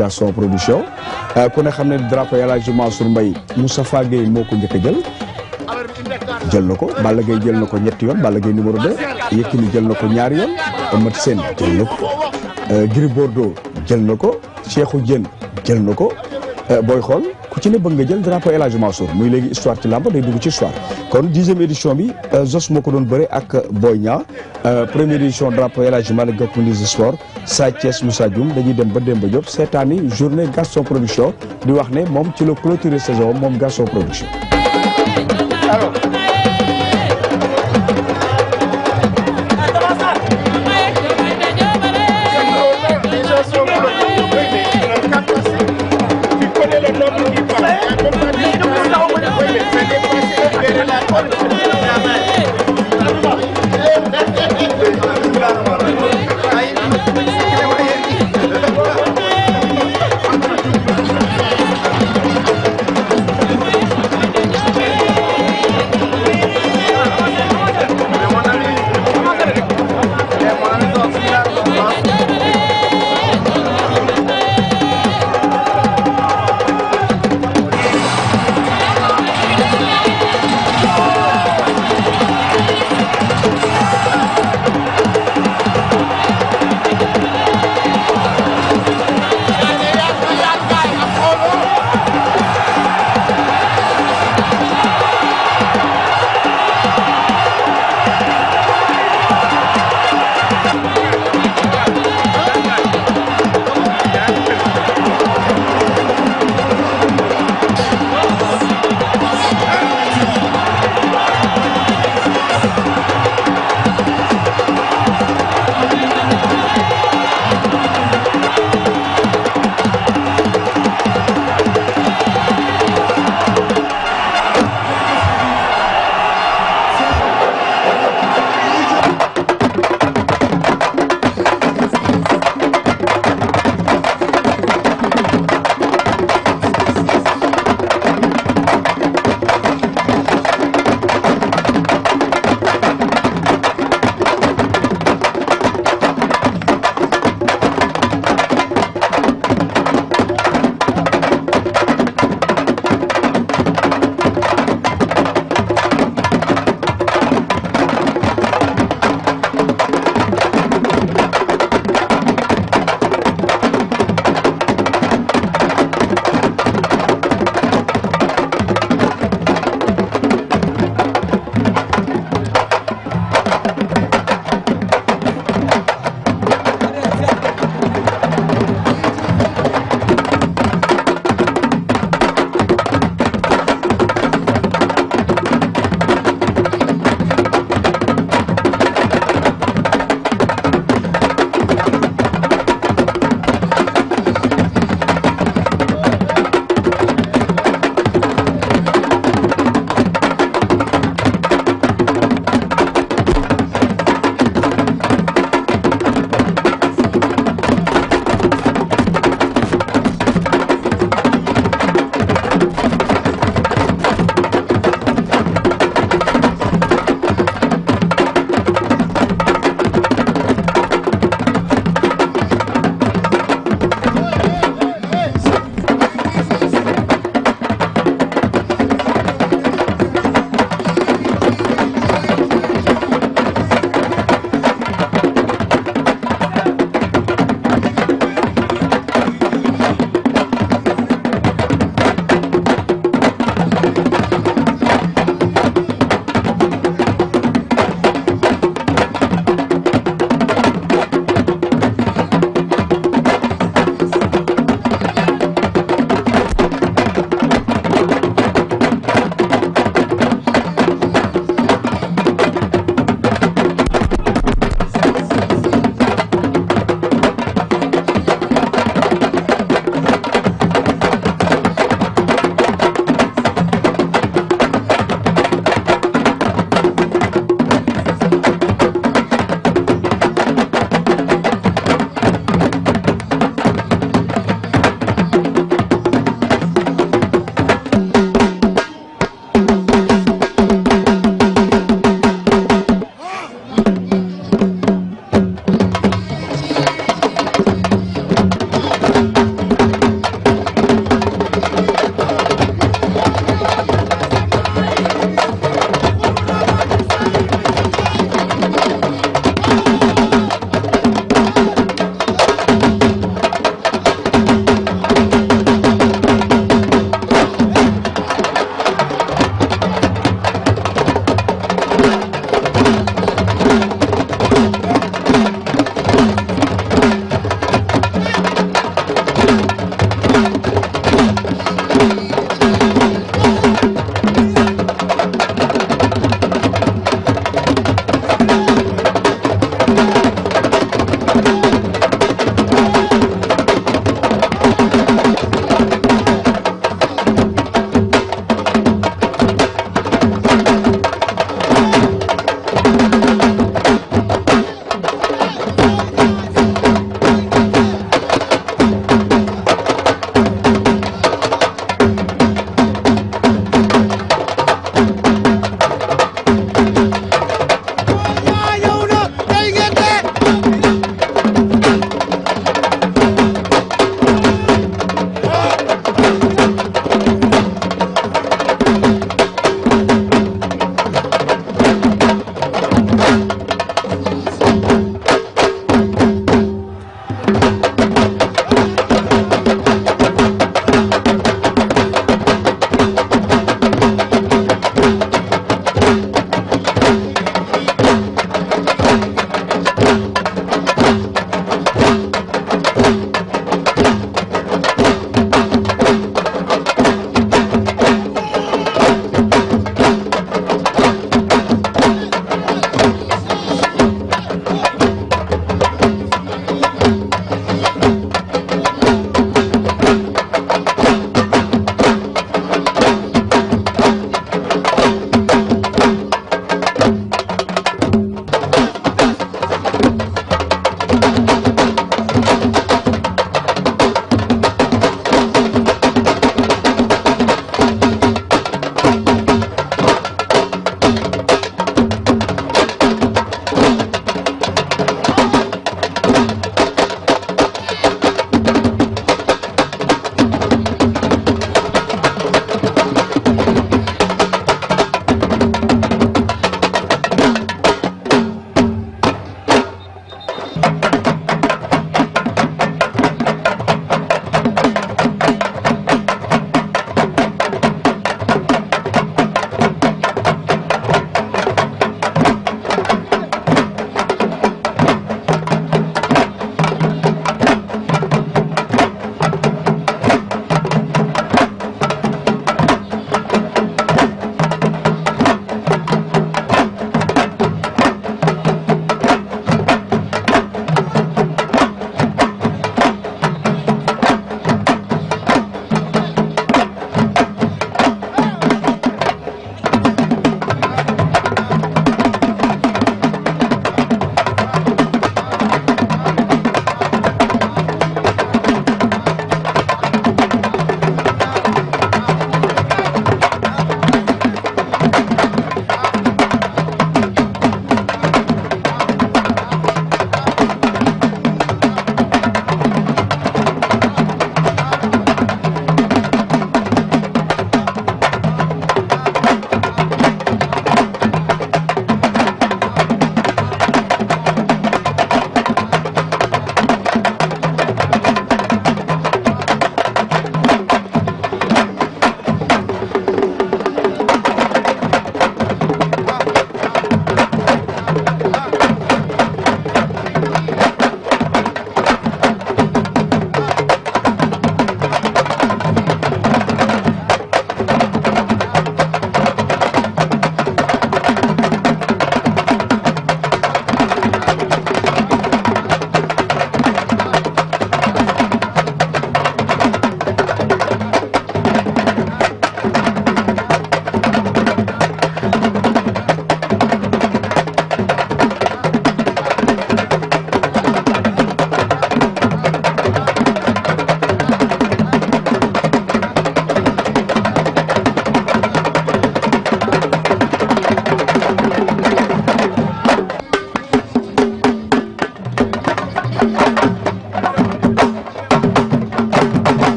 Gaston production euh, ku ne xam ne drapeau El Hadj mbay Mbaye Moustapha Gueye moo ko njëkk jël jël na ko Balla Gaye jël na ko ñetti yoon Balla Gaye de 2 Yékini jël na ko ñaari yoon Eumeu Sène jël na ko euh, Gris Bordeaux jël na ko Cheikhou Diène jël na ko euh, booy xool ku ci ne bëgg nga jël drapeau El Hadj Mansour muy léegi histoire ci làmb day dugg ci histoire kon dixième édition bi euh, Zos moo ko doon bëre ak Boy Niang euh, première édition drapeau El Hadj Malick Gakou ministre sport Sa Thiès Moussa Dioum dañuy dem ba Demba Diop seetaani journée Gaston Production di wax ne moom ci la clôturer saison moom Gaston Production